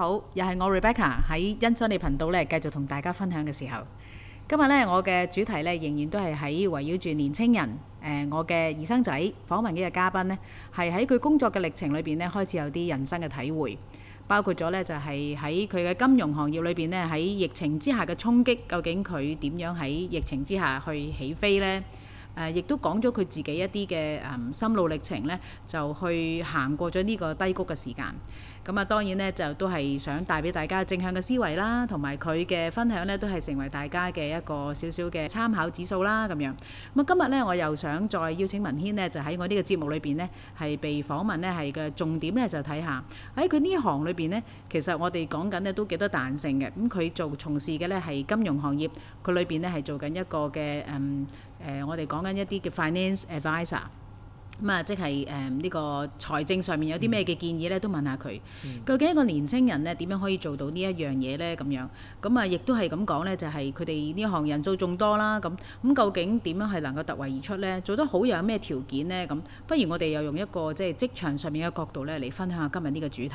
好，又係我 Rebecca 喺欣賞你頻道咧，繼續同大家分享嘅時候，今日咧我嘅主題咧仍然都係喺圍繞住年輕人，誒、呃、我嘅二生仔訪問嘅嘉賓咧，係喺佢工作嘅歷程裏邊咧，開始有啲人生嘅體會，包括咗咧就係喺佢嘅金融行業裏邊咧，喺疫情之下嘅衝擊，究竟佢點樣喺疫情之下去起飛呢？呃、亦都講咗佢自己一啲嘅、嗯、心路歷程咧，就去行過咗呢個低谷嘅時間。咁啊，當然呢，就都係想帶俾大家正向嘅思維啦，同埋佢嘅分享呢，都係成為大家嘅一個少少嘅參考指數啦，咁樣。咁啊，今日呢，我又想再邀請文軒呢，就喺我呢個節目裏邊呢，係被訪問呢，係嘅重點呢，就睇下喺佢呢行裏邊呢，其實我哋講緊呢，都幾多彈性嘅。咁、嗯、佢做從事嘅呢，係金融行業，佢裏邊呢，係做緊一個嘅誒誒，我哋講緊一啲嘅 finance adviser。咁啊，即係誒呢個財政上面有啲咩嘅建議呢？都問，問下佢。嗯、究竟一個年輕人呢，點樣可以做到呢一樣嘢呢？咁樣，咁啊，亦都係咁講呢，就係佢哋呢行人數眾多啦。咁咁究竟點樣係能夠突圍而出呢？做得好又有咩條件呢？咁，不如我哋又用一個即係職場上面嘅角度呢，嚟分享下今日呢個主題。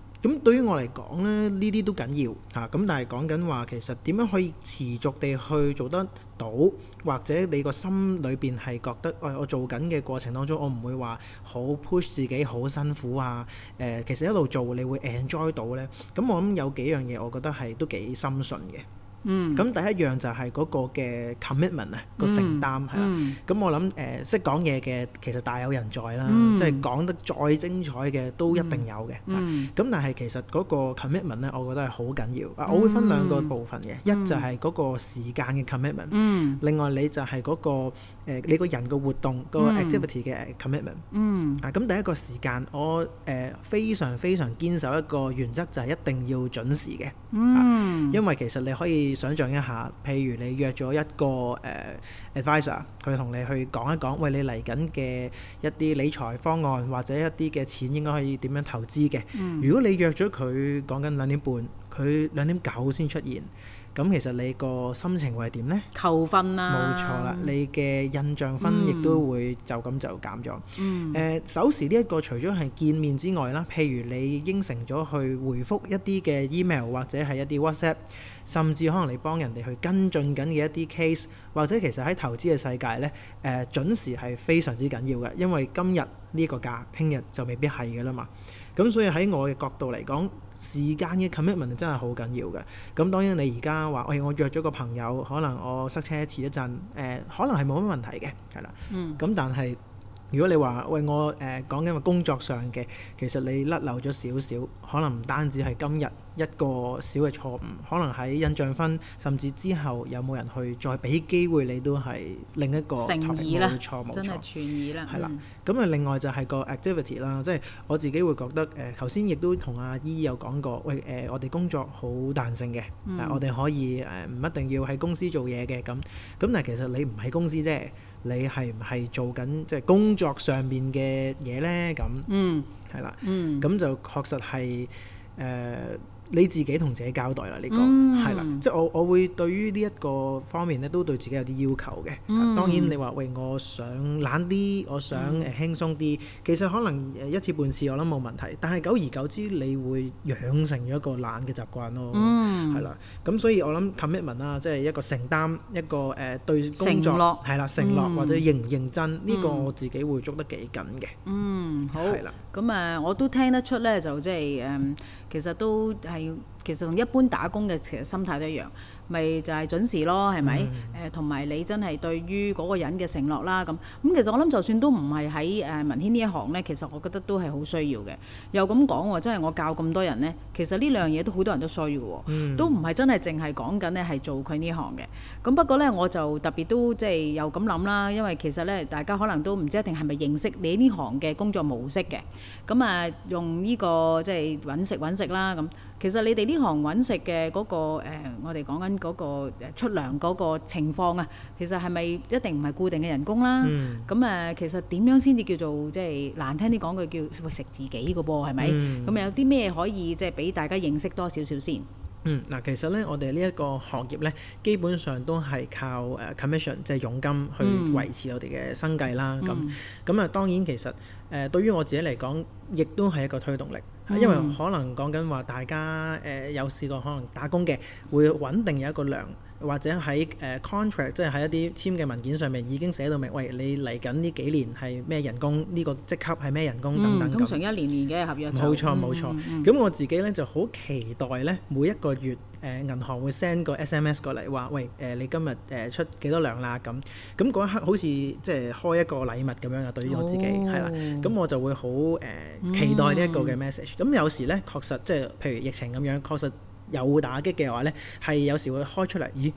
咁對於我嚟講咧，呢啲都緊要吓。咁、啊、但係講緊話，其實點樣可以持續地去做得到，或者你個心裏邊係覺得，誒，我做緊嘅過程當中，我唔會話好 push 自己，好辛苦啊。誒、呃，其實一路做你會 enjoy 到咧。咁我諗有幾樣嘢，我覺得係都幾深信嘅。嗯，咁第一樣就係嗰個嘅 commitment 啊，個承擔係啦。咁我諗誒識講嘢嘅其實大有人在啦，即係講得再精彩嘅都一定有嘅。嗯，咁但係其實嗰個 commitment 咧，我覺得係好緊要。啊，我會分兩個部分嘅，一就係嗰個時間嘅 commitment。另外你就係嗰個誒你個人嘅活動個 activity 嘅 commitment。嗯，咁第一個時間我誒非常非常堅守一個原則就係一定要準時嘅。因為其實你可以。想象一下，譬如你約咗一個誒、uh, advisor 佢同你去講一講，喂你嚟緊嘅一啲理財方案或者一啲嘅錢應該可以點樣投資嘅。嗯、如果你約咗佢講緊兩點半，佢兩點九先出現。咁其實你個心情會係點呢？扣分啦、啊，冇錯啦，你嘅印象分亦都會就咁就減咗。誒、嗯呃，守時呢一個除咗係見面之外啦，譬如你應承咗去回覆一啲嘅 email 或者係一啲 WhatsApp，甚至可能你幫人哋去跟進緊嘅一啲 case，或者其實喺投資嘅世界呢，誒、呃、準時係非常之緊要嘅，因為今日呢個價，聽日就未必係㗎啦嘛。咁所以喺我嘅角度嚟講，時間嘅 commitment 真係好緊要嘅。咁當然你而家話，誒、哎、我約咗個朋友，可能我塞車遲一陣，誒、呃、可能係冇乜問題嘅，係啦。咁、嗯、但係如果你話，喂，我誒、呃、講緊話工作上嘅，其實你甩漏咗少少，可能唔單止係今日。一個小嘅錯誤，可能喺印象分，甚至之後有冇人去再俾機會你，都係另一個錯誤嘅錯誤。真係存疑啦。係啦的，咁啊、嗯，另外就係個 activity 啦，即係我自己會覺得誒，頭先亦都同阿姨有講過，喂誒、呃，我哋工作好彈性嘅，嗯、但係我哋可以誒唔、呃、一定要喺公司做嘢嘅，咁咁，但係其實你唔喺公司啫，你係唔係做緊即係工作上面嘅嘢咧？咁嗯，係啦、呃，嗯，咁就確實係誒。嗯你自己同自己交代啦，呢個係啦，即係我我會對於呢一個方面呢，都對自己有啲要求嘅。當然你話喂，我想懶啲，我想誒輕鬆啲，其實可能一次半次我諗冇問題，但係久而久之，你會養成咗一個懶嘅習慣咯。係啦，咁所以我諗 commitment 啦，即係一個承擔，一個誒對工作係啦承諾，或者認唔認真呢個我自己會捉得幾緊嘅。嗯，好。係啦，咁啊我都聽得出呢，就即係其實都其實同一般打工嘅其實心態都一樣，咪就係、係、準時咯，係咪？誒、mm，同、hmm。埋你真係對於嗰個人嘅承諾啦，咁咁其實我諗，就算都唔係喺誒文軒呢一行呢，其實我覺得都係好需要嘅。又咁講喎，真係我教咁多人呢，其實呢樣嘢都好多人都需要喎，mm hmm。都唔係真係淨係講緊咧係做佢呢行嘅。咁不過呢，我就特別都即係又咁諗啦，因為其實呢，大家可能都唔知一定係咪認識你呢行嘅工作模式嘅。咁啊，用呢、呢個即係揾食揾食啦咁。其實你哋呢行揾食嘅嗰、嗰個、呃、我哋講緊嗰個出糧嗰個情況啊，其實係咪一定唔係固定嘅人工啦、啊？咁、嗯、啊，其實點樣先至叫做即係難聽啲講句叫食自己個噃係咪？咁、嗯、有啲咩可以即係俾大家認識多少少先？嗯，嗱，其實咧，我哋呢一個行業咧，基本上都係靠誒 commission 即係佣金去維持我哋嘅生計啦。咁咁啊，當然其實誒、呃、對於我自己嚟講，亦都係一個推動力，嗯、因為可能講緊話大家誒、呃、有試過可能打工嘅，會穩定有一個糧。或者喺誒、uh, contract，即係喺一啲簽嘅文件上面已經寫到明，喂，你嚟緊呢幾年係咩人工，呢、呢個職級係咩人工等等咁。嗯，通常一年年嘅合約就。冇錯冇錯，咁、嗯嗯嗯、我自己咧就好期待咧，每一個月誒、呃、銀行會 send 個 SMS 過嚟，話喂誒、呃、你今日誒、呃、出幾多糧啦咁，咁嗰一刻好似即係開一個禮物咁樣啊，對於我自己係啦，咁、哦、我就會好誒、呃、期待呢一個嘅 message。咁、嗯、有時咧確實即係譬如疫情咁樣，確實。確實有打擊嘅話呢，係有時會開出嚟，咦，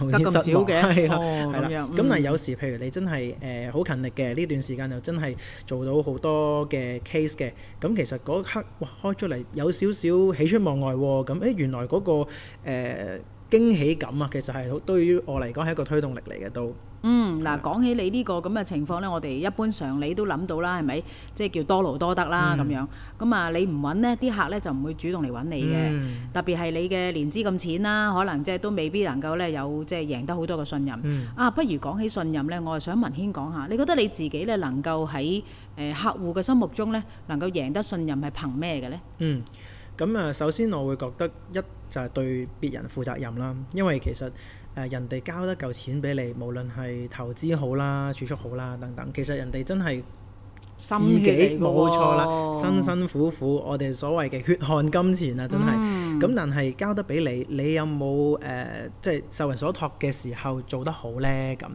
有啲失望嘅，得咁少嘅，係啦，係啦，咁啊、嗯、有時譬如你真係誒好勤力嘅呢段時間又真係做到好多嘅 case 嘅，咁、嗯、其實嗰刻哇開出嚟有少少喜出望外喎，咁、嗯、誒、欸、原來嗰、那個誒、呃、驚喜感啊，其實係好對於我嚟講係一個推動力嚟嘅都。嗯，嗱，講起你呢個咁嘅情況呢，我哋一般常理都諗到啦，係咪？即係叫多勞多得啦，咁、嗯、樣。咁啊，你唔揾呢啲客呢，就唔會主動嚟揾你嘅。嗯、特別係你嘅年資咁淺啦，可能即係都未必能夠呢有即係贏得好多嘅信任。嗯、啊，不如講起信任呢，我又想文軒講下，你覺得你自己呢，能夠喺誒客戶嘅心目中呢，能夠贏得信任係憑咩嘅呢？嗯，咁啊，首先我會覺得一就係、是、對別人負責任啦，因為其實。人哋交得嚿錢俾你，無論係投資好啦、儲蓄好啦等等，其實人哋真係自己冇錯啦，辛辛苦苦，我哋所謂嘅血汗金錢啊，真係。嗯咁、嗯、但係交得俾你，你有冇誒、呃、即係受人所託嘅時候做得好咧？咁誒、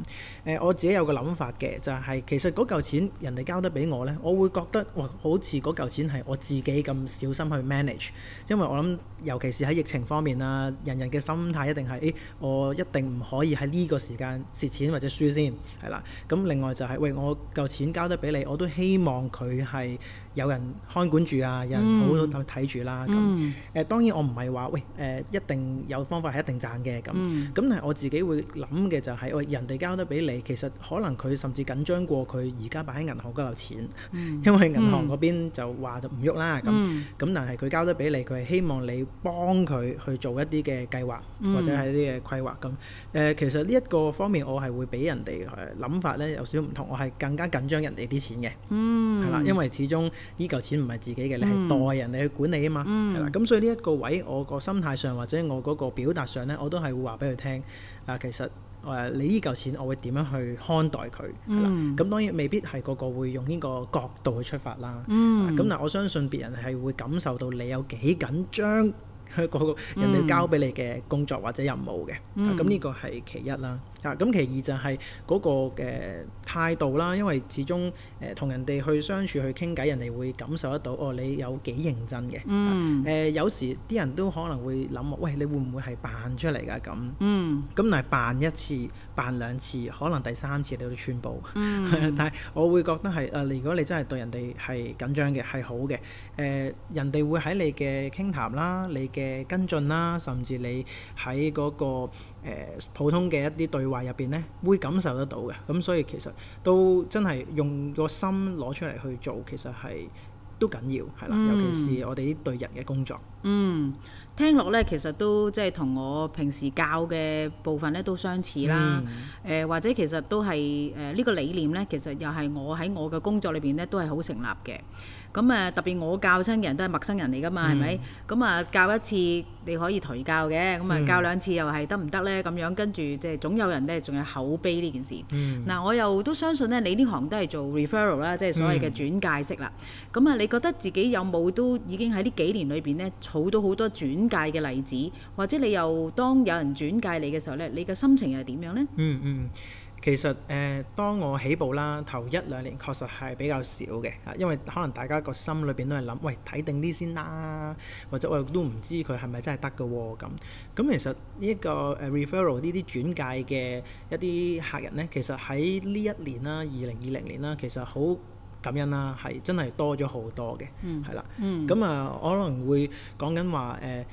呃、我自己有個諗法嘅，就係、是、其實嗰嚿錢人哋交得俾我咧，我會覺得哇，好似嗰嚿錢係我自己咁小心去 manage，因為我諗尤其是喺疫情方面啦、啊，人人嘅心態一定係誒、欸、我一定唔可以喺呢個時間蝕錢或者輸先，係啦。咁、嗯嗯、另外就係、是、喂我嚿錢交得俾你，我都希望佢係有人看管住啊，嗯、有人好好睇住啦、啊。誒、嗯呃、當然我。唔係話，喂誒、呃，一定有方法係一定賺嘅咁。咁、嗯、但係我自己會諗嘅就係、是，喂，人哋交得俾你，其實可能佢甚至緊張過佢而家擺喺銀行嗰嚿錢，嗯、因為銀行嗰邊就話就唔喐啦。咁咁、嗯、但係佢交得俾你，佢係希望你幫佢去做一啲嘅計劃，嗯、或者係一啲嘅規劃，咁誒、呃，其實呢一個方面，我係會俾人哋諗法咧有少唔同。我係更加緊張人哋啲錢嘅，係啦、嗯，因為始終呢嚿錢唔係自己嘅，你係代人哋去管理啊嘛。係啦、嗯，咁、嗯、所以呢一個位。我個心態上或者我嗰個表達上呢，我都係會話俾佢聽。啊，其實誒、呃，你依嚿錢，我會點樣去看待佢？咁、嗯、當然未必係個個會用呢個角度去出發啦。咁嗱、嗯，啊、但我相信別人係會感受到你有幾緊張個個人哋交俾你嘅工作或者任務嘅。咁呢、嗯嗯啊、個係其一啦。咁其二就係嗰個嘅態度啦，因為始終誒、呃、同人哋去相處去傾偈，人哋會感受得到哦，你有幾認真嘅。嗯。誒、呃，有時啲人都可能會諗喂，你會唔會係扮出嚟㗎咁？嗯。咁嚟扮一次、扮兩次，可能第三次你都穿煲。嗯。但係我會覺得係誒、呃，如果你真係對人哋係緊張嘅，係好嘅。誒、呃，人哋會喺你嘅傾談，談啦、你嘅跟進啦，甚至你喺嗰、嗰個。呃、普通嘅一啲對話入邊呢，會感受得到嘅，咁所以其實都真係用個心攞出嚟去做，其實係都緊要，係啦，嗯、尤其是我哋啲對人嘅工作。嗯，聽落咧，其實都即係同我平時教嘅部分咧都相似啦。誒、嗯呃、或者其實都係誒呢個理念咧，其實又係我喺我嘅工作裏邊咧都係好成立嘅。咁、嗯、啊特別我教親嘅人都係陌生人嚟㗎嘛，係咪、嗯？咁啊、嗯、教一次你可以退教嘅，咁、嗯、啊、嗯、教兩次又係得唔得咧？咁樣跟住即係總有人咧仲有口碑呢件事。嗱、嗯嗯啊，我又都相信呢，你呢行都係做 referral 啦，即係所謂嘅轉介式啦。咁啊、嗯，嗯、你覺得自己有冇都已經喺呢幾年裏邊呢？好多好多轉介嘅例子，或者你又當有人轉介你嘅時候呢，你嘅心情又係點樣呢？嗯嗯，其實誒、呃，當我起步啦，頭一兩年確實係比較少嘅，啊，因為可能大家個心裏邊都係諗，喂，睇定啲先啦，或者我都唔知佢係咪真係得嘅喎，咁咁其實呢、呢個、一個誒 referral 呢啲轉介嘅一啲客人呢，其實喺呢一年啦，二零二零年啦，其實好。感恩啦、啊，係真係多咗好多嘅，係啦。咁啊、呃、可能會講緊話誒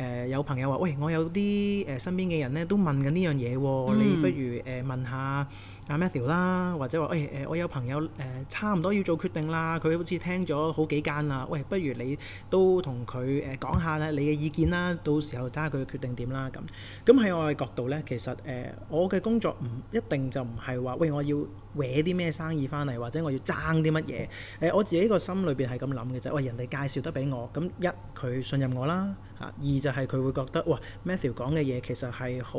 誒，有朋友話：喂，我有啲誒身邊嘅人咧，都問緊呢樣嘢，嗯、你不如誒、呃、問下阿 Matthew 啦，或者話誒誒，我有朋友誒、呃、差唔多要做決定啦，佢好似聽咗好幾間啦，喂，不如你都同佢誒講下咧，你嘅意見啦，到時候睇下佢嘅決定點啦咁。咁喺我嘅角度咧，其實誒、呃，我嘅工作唔一定就唔係話，喂，我要搵啲咩生意翻嚟，或者我要爭啲乜嘢。誒、呃，我自己個心裏邊係咁諗嘅就係，喂、呃，人哋介紹得俾我，咁一佢信任我啦。啊！二就係佢會覺得哇，Matthew 講嘅嘢其實係好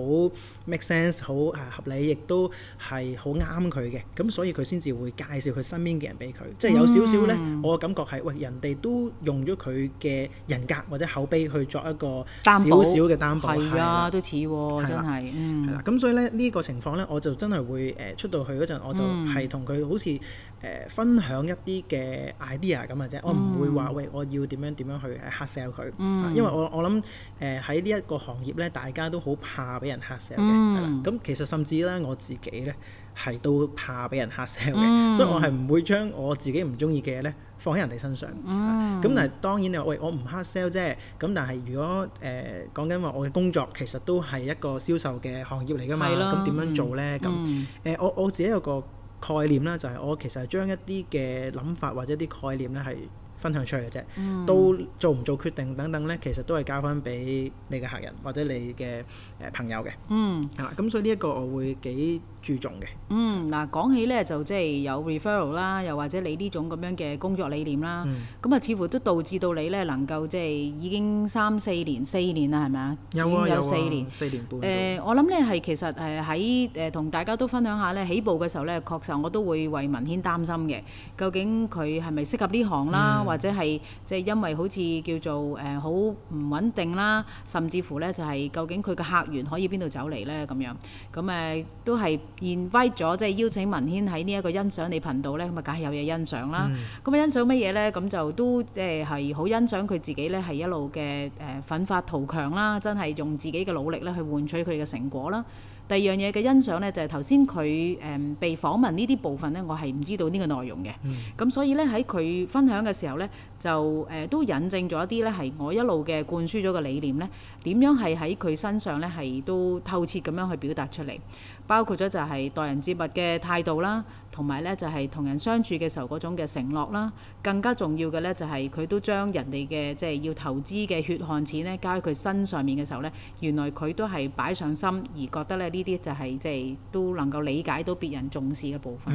make sense，好啊合理，亦都係好啱佢嘅。咁所以佢先至會介紹佢身邊嘅人俾佢，即係有少少呢，嗯、我嘅感覺係喂、呃，人哋都用咗佢嘅人格或者口碑去作一個少少嘅擔保。係、嗯、啊，啊都似喎，真係。係啦，咁所以呢，呢、這個情況呢，我就真係會誒、呃、出到去嗰陣，我就係同佢好似、嗯。誒、呃、分享一啲嘅 idea，咁或者我唔會話喂我要點樣點樣去 hard sell 佢，嗯、因為我我諗誒喺呢一個行業咧，大家都好怕俾人 hard sell 嘅。咁、嗯、其實甚至啦，我自己咧係都怕俾人 hard sell 嘅，嗯、所以我係唔會將我自己唔中意嘅嘢咧放喺人哋身上。咁、嗯啊、但係當然你話喂我唔 hard sell 啫，咁但係如果誒、呃、講緊話我嘅工作其實都係一個銷售嘅行業嚟㗎嘛，咁點了樣做咧？咁誒、嗯呃、我我自己有個。概念啦，就係我其實將一啲嘅諗法或者啲概念咧，係分享出嚟嘅啫。都、嗯、做唔做決定等等咧，其實都係交翻俾你嘅客人或者你嘅誒朋友嘅。嗯，係啦，咁所以呢一個我會幾。注重嘅。嗯，嗱、啊、講起咧，就即係有 referral 啦，又或者你呢種咁樣嘅工作理念啦。嗯。咁啊，似乎都導致到你咧能夠即係已經三四年、四年啦，係咪啊？有四年。四、啊、年半。誒、呃，我諗咧係其實誒喺誒同大家都分享下咧，起步嘅時候咧，確實我都會為文軒擔心嘅。究竟佢係咪適合呢行啦？嗯、或者係即係因為好似叫做誒好唔穩定啦，甚至乎咧就係究竟佢嘅客源可以邊度走嚟咧咁樣？咁誒、呃、都係。invite 咗，即係邀請文軒喺呢一個欣賞你頻道、嗯、呢。咁啊梗係有嘢欣賞啦。咁啊欣賞乜嘢呢？咁就都即係好欣賞佢自己呢，係一路嘅誒奮發圖強啦，真係用自己嘅努力咧去換取佢嘅成果啦。第二樣嘢嘅欣賞呢，就係頭先佢誒被訪問呢啲部分呢，我係唔知道呢個內容嘅。咁、嗯嗯、所以呢，喺佢分享嘅時候呢，就誒、呃、都引證咗一啲呢係我一路嘅灌輸咗個理念呢，點樣係喺佢身上呢，係都透徹咁樣去表達出嚟，包括咗就係待人接物嘅態度啦，同埋呢就係同人相處嘅時候嗰種嘅承諾啦。更加重要嘅呢，就係佢都將人哋嘅即係要投資嘅血汗錢呢，加喺佢身上面嘅時候呢，原來佢都係擺上心而覺得呢。呢啲就係即係都能夠理解到別人重視嘅部分。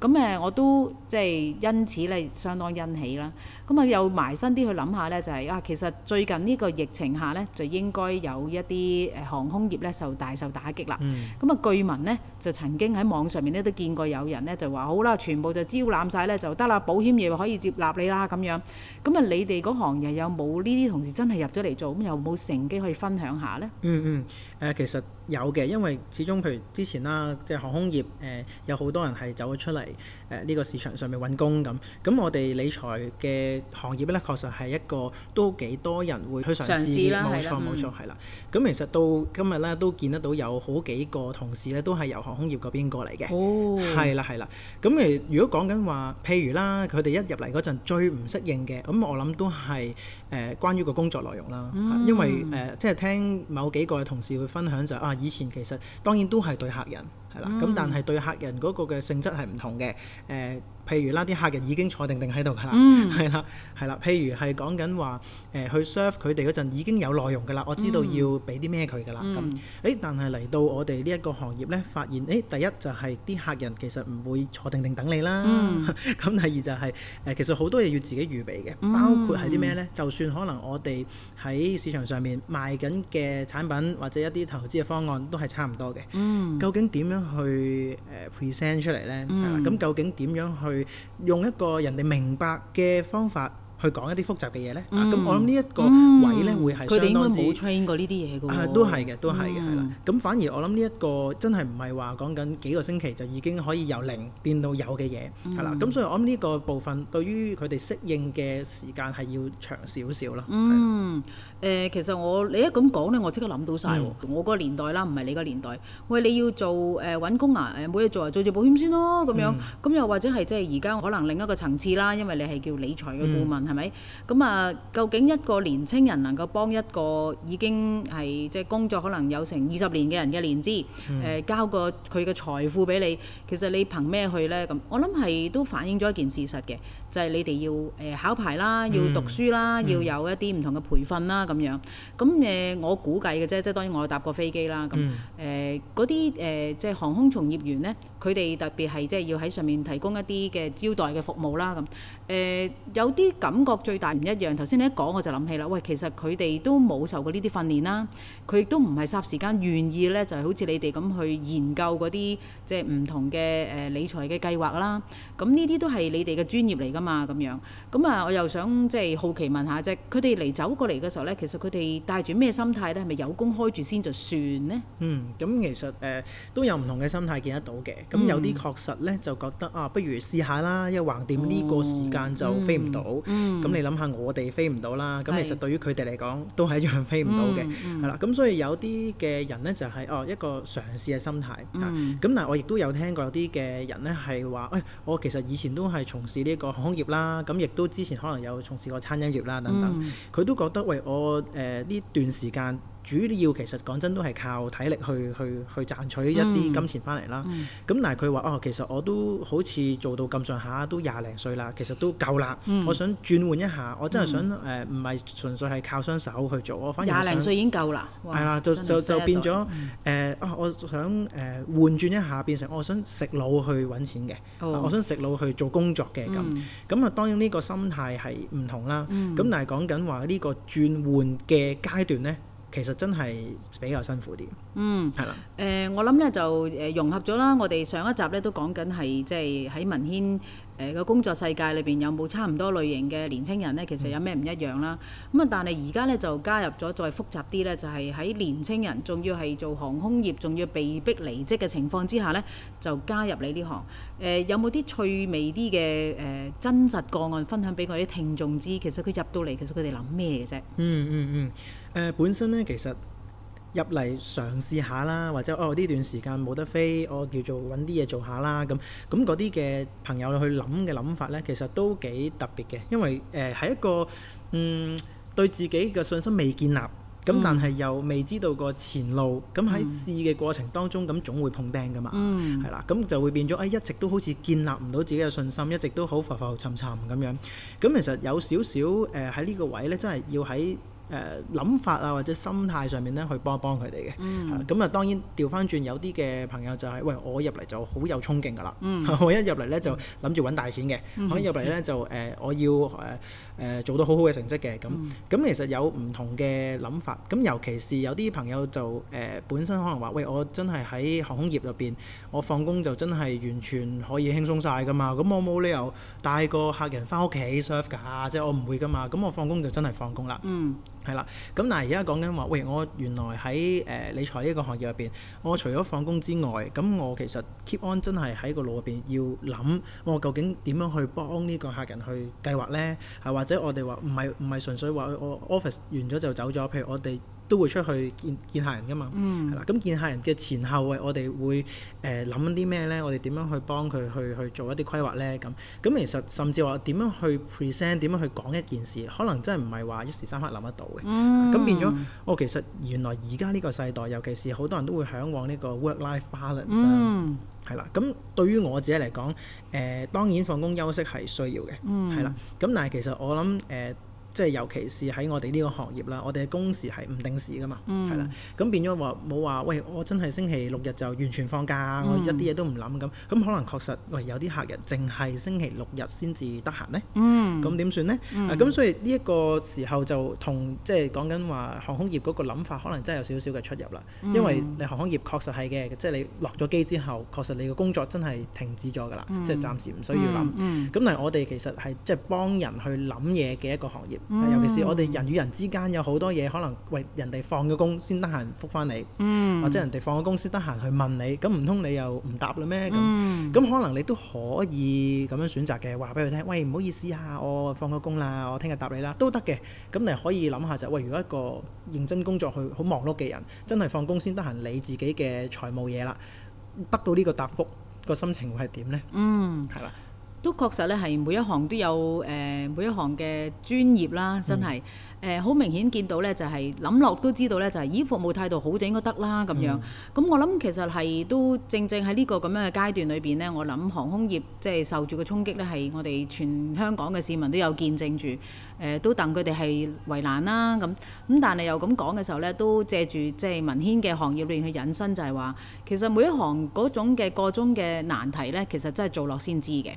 咁誒、嗯嗯，我都即係因此咧，相當欣喜啦。咁啊，又埋身啲去諗下呢、就是，就係啊，其實最近呢個疫情下呢，就應該有一啲航空業呢受大受打擊啦。咁啊、嗯，據聞呢，就曾經喺網上面呢都見過有人呢，就話好啦，全部就招攬晒呢就得啦，保險業可以接納你啦咁樣。咁啊，你哋嗰行又有冇呢啲同事真係入咗嚟做？咁有冇成機可以分享下呢？嗯嗯誒、呃，其實有嘅，因為始終，譬如之前啦，即係航空業，誒、呃、有好多人係走咗出嚟誒呢個市場上面揾工咁。咁我哋理財嘅行業咧，確實係一個都幾多人會去嘗試嘅，冇錯冇錯，係啦。咁、嗯、其實到今日咧，都見得到有好幾個同事咧，都係由航空業嗰邊過嚟嘅。哦，係啦係啦。咁誒，如果講緊話，譬如啦，佢哋一入嚟嗰陣最唔適應嘅，咁我諗都係誒、呃、關於個工作內容啦，嗯、因為誒、呃、即係聽某，某幾個同事會分享就啊，以前其實。當然都係對客人，係啦。咁但係對客人嗰個嘅性質係唔同嘅，誒、呃。譬如啦，啲客人已經坐定定喺度噶啦，係啦、嗯，係啦。譬如係講緊話誒，去 serve 佢哋嗰陣已經有內容噶啦，我知道要俾啲咩佢噶啦。咁、嗯，誒、嗯嗯，但係嚟到我哋呢一個行業咧，發現誒、欸、第一就係啲客人其實唔會坐定定等你啦。咁、嗯， 第二就係、是、誒、呃、其實好多嘢要自己預備嘅，包括係啲咩咧？嗯、就算可能我哋喺市場上面賣緊嘅產品或者一啲投資嘅方案都係差唔多嘅。嗯、究竟點樣去誒 present 出嚟咧？咁、嗯嗯嗯、究竟點樣去？嗯用一個，人哋明白嘅方法，去講一啲複雜嘅嘢咧，咁、嗯啊、我諗呢一個位咧會係相當之、佢哋應該冇 train 過呢啲嘢嘅都係嘅，都係嘅，係啦。咁、嗯、反而我諗呢一個真係唔係話講緊幾個星期就已經可以由零變到有嘅嘢，係啦、嗯。咁所以我諗呢個部分對於佢哋適應嘅時間係要長少少咯。嗯的、呃，其實我你一咁講咧，我即刻諗到晒喎。嗯、我個年代啦，唔係你個年代。喂，你要做誒搵、呃、工啊？誒冇嘢做啊，做住保險先咯，咁樣。咁又、嗯、或者係即係而家可能另一個層次啦，因為你係叫理財嘅顧問。嗯嗯係咪？咁啊、嗯，嗯、究竟一個年青人能夠幫一個已經係即係工作可能有成二十年嘅人嘅年資，誒、嗯呃、交個佢嘅財富俾你，其實你憑咩去呢？咁、嗯、我諗係都反映咗一件事實嘅，就係、是、你哋要誒、呃、考牌啦，要讀書啦，嗯、要有一啲唔同嘅培訓啦，咁樣。咁、呃、誒，我估計嘅啫，即係當然我搭過飛機啦。咁、嗯、誒，嗰啲誒即係航空從業員呢，佢哋特別係即係要喺上面提供一啲嘅招待嘅服務啦。咁、呃、誒、呃，有啲咁。感覺最大唔一樣。頭先你一講我就諗起啦，喂，其實佢哋都冇受過呢啲訓練啦，佢亦都唔係霎時間願意呢。就係好似你哋咁去研究嗰啲即係唔同嘅誒理財嘅計劃啦。咁呢啲都係你哋嘅專業嚟㗎嘛，咁樣。咁啊，我又想即係好奇問下啫，佢哋嚟走過嚟嘅時候呢，其實佢哋帶住咩心態呢？係咪有工開住先就算呢？嗯，咁其實誒、呃、都有唔同嘅心態見得到嘅。咁有啲確實呢，就覺得、嗯、啊，不如試下啦，一橫掂呢個時間就飛唔到。嗯嗯咁、嗯、你諗下，我哋飛唔到啦。咁是其實對於佢哋嚟講，都係一樣飛唔到嘅，係啦、嗯。咁、嗯、所以有啲嘅人呢、就是，就係哦一個嘗試嘅心態。咁、嗯、但係我亦都有聽過有啲嘅人呢，係話，喂，我其實以前都係從事呢個航空業啦，咁亦都之前可能有從事過餐飲業啦等等。佢、嗯、都覺得，喂，我誒呢、呃、段時間。主要其實講真都係靠體力去去去賺取一啲金錢翻嚟啦。咁、嗯嗯、但係佢話哦，其實我都好似做到咁上下都廿零歲啦，其實都夠啦。嗯、我想轉換一下，我真係想誒，唔、呃、係純粹係靠雙手去做。我反而廿零歲已經夠啦。係啦、啊，就就就變咗誒啊！呃 uh，我想誒換轉一下，變成我想食腦去揾錢嘅、哦啊。我想食腦去做工作嘅咁。咁啊，當然呢個心態係唔同啦。咁、嗯、但係講緊話呢個轉換嘅階段咧。其實真係比較辛苦啲，嗯，係啦的，誒、呃，我諗咧就融合咗啦，我哋上一集咧都講緊係即係喺文軒。誒個工作世界裏邊有冇差唔多類型嘅年輕人呢？其實有咩唔一樣啦？咁啊，但係而家呢，就加入咗再複雜啲呢，就係喺年輕人仲要係做航空業，仲要被逼離職嘅情況之下呢，就加入你呢行。誒、欸、有冇啲趣味啲嘅誒真實個案分享俾我啲聽眾知？其實佢入到嚟，其實佢哋諗咩嘅啫？嗯嗯嗯、呃。本身呢，其實。入嚟嘗試下啦，或者哦呢段時間冇得飛，我、哦、叫做揾啲嘢做下啦咁。咁嗰啲嘅朋友去諗嘅諗法呢，其實都幾特別嘅，因為誒係、呃、一個嗯對自己嘅信心未建立，咁但係又未知道個前路，咁喺試嘅過程當中，咁、嗯、總會碰釘噶嘛，係啦、嗯，咁就會變咗誒、哎、一直都好似建立唔到自己嘅信心，一直都好浮浮沉沉咁樣。咁其實有少少誒喺呢個位呢，真係要喺。誒諗、呃、法啊，或者心態上面咧，去幫一幫佢哋嘅。咁、嗯、啊，當然調翻轉，有啲嘅朋友就係、是，喂，我入嚟就好有衝勁噶啦。嗯、 我一入嚟咧就諗住揾大錢嘅。可、嗯、一入嚟咧就誒、呃，我要誒、呃呃、做到好好嘅成績嘅。咁咁、嗯、其實有唔同嘅諗法。咁尤其是有啲朋友就誒、呃、本身可能話，喂，我真係喺航空業入邊，我放工就真係完全可以輕鬆晒噶嘛。咁我冇理由帶個客人翻屋企 serve 㗎，即、就、係、是、我唔會㗎嘛。咁我放工就真係放工啦。嗯係啦，咁嗱而家講緊話，喂，我原來喺誒理財呢個行業入邊，我除咗放工之外，咁我其實 keep on 真係喺個腦入邊要諗，我究竟點樣去幫呢個客人去計劃呢？係或者我哋話唔係唔係純粹話我 office 完咗就走咗，譬如我哋都會出去見見客人㗎嘛，係啦、嗯。咁見客人嘅前後，我哋會誒諗啲咩呢？我哋點、呃、樣去幫佢去去做一啲規劃呢？咁咁其實甚至話點樣去 present，點樣去講一件事，可能真係唔係話一時三刻諗得到嘅。咁、嗯啊、變咗，我、哦、其實原來而家呢個世代，尤其是好多人都會嚮往呢個 work-life balance，係、啊、啦。咁、嗯、對於我自己嚟講，誒、呃、當然放工休息係需要嘅，係啦、嗯。咁但係其實我諗誒。呃呃即係尤其是喺我哋呢個行業啦，我哋嘅工時係唔定時噶嘛，係啦、嗯，咁變咗話冇話，喂，我真係星期六日就完全放假，嗯、我一啲嘢都唔諗咁，咁可能確實，喂，有啲客人淨係星期六日先至得閒呢。咁點算呢？咁、嗯啊、所以呢一個時候就同即係講緊話航空業嗰個諗法，可能真係有少少嘅出入啦。嗯、因為你航空業確實係嘅，即係你落咗機之後，確實你嘅工作真係停止咗㗎啦，嗯、即係暫時唔需要諗。咁但係我哋其實係即係幫人去諗嘢嘅一個行業。嗯、尤其是我哋人與人之間有好多嘢，可能喂，人哋放咗工先得閒覆返你，嗯、或者人哋放咗工先得閒去問你，咁唔通你又唔答嘞咩？咁咁、嗯、可能你都可以咁樣選擇嘅，話俾佢聽，喂，唔好意思啊，我放咗工啦，我聽日答你啦，都得嘅。咁你可以諗下就，喂，如果一個認真工作、去好忙碌嘅人，真係放工先得閒理自己嘅財務嘢啦，得到呢個答覆，個心情會係點呢？嗯，係啦。都確實咧，係每一行都有誒、呃，每一行嘅專業啦，真係。嗯誒好、呃、明顯見到呢，就係諗落都知道呢，就係、是、依服務態度好整都得啦咁樣。咁、嗯嗯、我諗其實係都正正喺呢個咁樣嘅階段裏邊呢。我諗航空業即係受住個衝擊呢，係我哋全香港嘅市民都有見證住。誒、呃、都等佢哋係為難啦咁。咁、嗯、但係又咁講嘅時候呢，都借住即係文軒嘅行業裏邊去引申就，就係話其實每一行嗰種嘅各種嘅難題呢，其實真係做落先知嘅。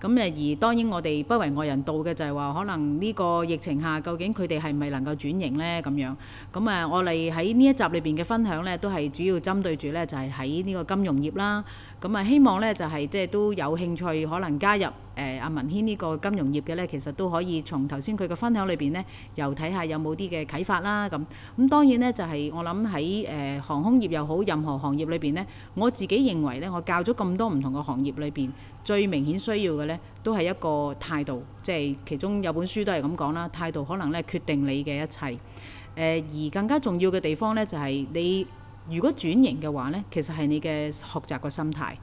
咁、嗯、誒而當然我哋不為外人道嘅就係話，可能呢個疫情下究竟佢哋係？咪能夠轉型呢？咁樣，咁啊，我哋喺呢一集裏邊嘅分享呢，都係主要針對住呢，就係喺呢個金融業啦。咁啊，希望呢，就係即係都有興趣，可能加入，誒阿、呃、文軒呢個金融業嘅呢，其實都可以從頭先佢嘅分享裏邊呢，又睇下有冇啲嘅啟發啦咁。咁當然呢，就係、是、我諗喺誒航空業又好，任何行業裏邊呢，我自己認為呢，我教咗咁多唔同嘅行業裏邊，最明顯需要嘅呢，都係一個態度，即、就、係、是、其中有本書都係咁講啦，態度可能呢，決定你嘅一切、呃。而更加重要嘅地方呢，就係、是、你如果轉型嘅話呢，其實係你嘅學習個心態。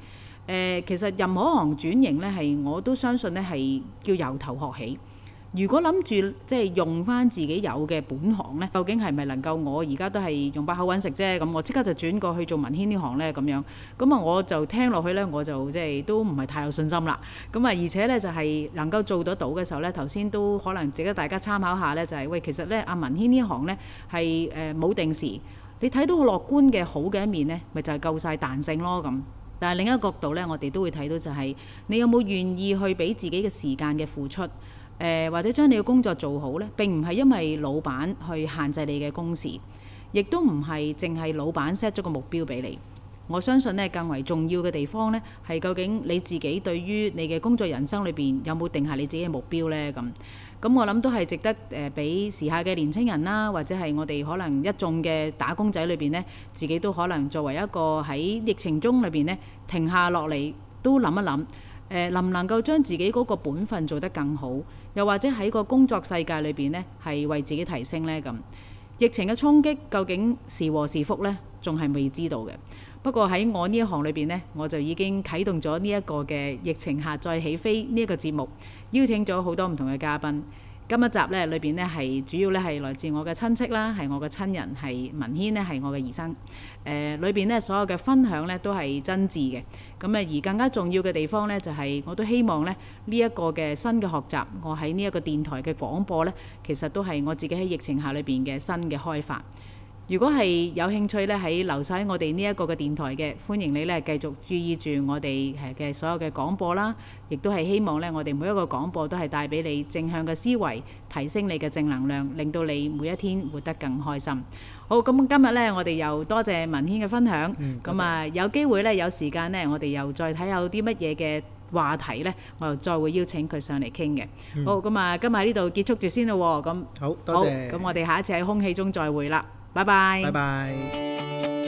誒、呃，其實任何一行轉型呢，係我都相信呢，係叫由頭學起。如果諗住即係用翻自己有嘅本行呢，究竟係咪能夠我而家都係用把口揾食啫？咁我即刻就轉過去做文軒呢行呢。咁樣咁啊，我就聽落去呢，我就即係都唔係太有信心啦。咁啊，而且呢，就係、是、能夠做得到嘅時候呢，頭先都可能值得大家參考下呢，就係、是、喂，其實呢，阿文軒呢行呢，係誒冇定時，你睇到個樂觀嘅好嘅一面呢，咪就係夠晒彈性咯咁。但係另一個角度呢，我哋都會睇到就係、是、你有冇願意去俾自己嘅時間嘅付出，誒、呃、或者將你嘅工作做好呢？並唔係因為老闆去限制你嘅工時，亦都唔係淨係老闆 set 咗個目標俾你。我相信呢，更為重要嘅地方呢，係究竟你自己對於你嘅工作人生裏邊有冇定下你自己嘅目標呢？咁。咁、嗯、我諗都係值得誒，俾、呃、時下嘅年輕人啦，或者係我哋可能一眾嘅打工仔裏邊呢，自己都可能作為一個喺疫情中裏邊呢停下落嚟，都諗一諗誒，能唔能夠將自己嗰個本分做得更好，又或者喺個工作世界裏邊呢係為自己提升呢？咁。疫情嘅衝擊究竟是禍是福呢？仲係未知道嘅。不過喺我呢一行裏邊呢，我就已經啟動咗呢一個嘅疫情下再起飛呢一個節目。邀請咗好多唔同嘅嘉賓，今日集咧裏邊咧係主要咧係來自我嘅親戚啦，係我嘅親人，係文軒咧係我嘅兒生。誒裏邊咧所有嘅分享咧都係真摯嘅，咁啊而更加重要嘅地方呢、就係，就係我都希望咧呢一個嘅新嘅學習，我喺呢一個電台嘅廣播呢，其實都係我自己喺疫情下裏邊嘅新嘅開發。如果係有興趣咧，喺留曬喺我哋呢一個嘅電台嘅，歡迎你咧繼續注意住我哋誒嘅所有嘅廣播啦，亦都係希望咧我哋每一個廣播都係帶俾你正向嘅思維，提升你嘅正能量，令到你每一天活得更開心。好，咁今日咧我哋又多謝文軒嘅分享，咁啊有機會咧有時間咧，我哋又再睇下有啲乜嘢嘅話題咧，我又再會邀請佢上嚟傾嘅。好，咁啊今日喺呢度結束住先咯喎，咁好，多謝，咁我哋下一次喺空氣中再會啦。拜拜拜拜。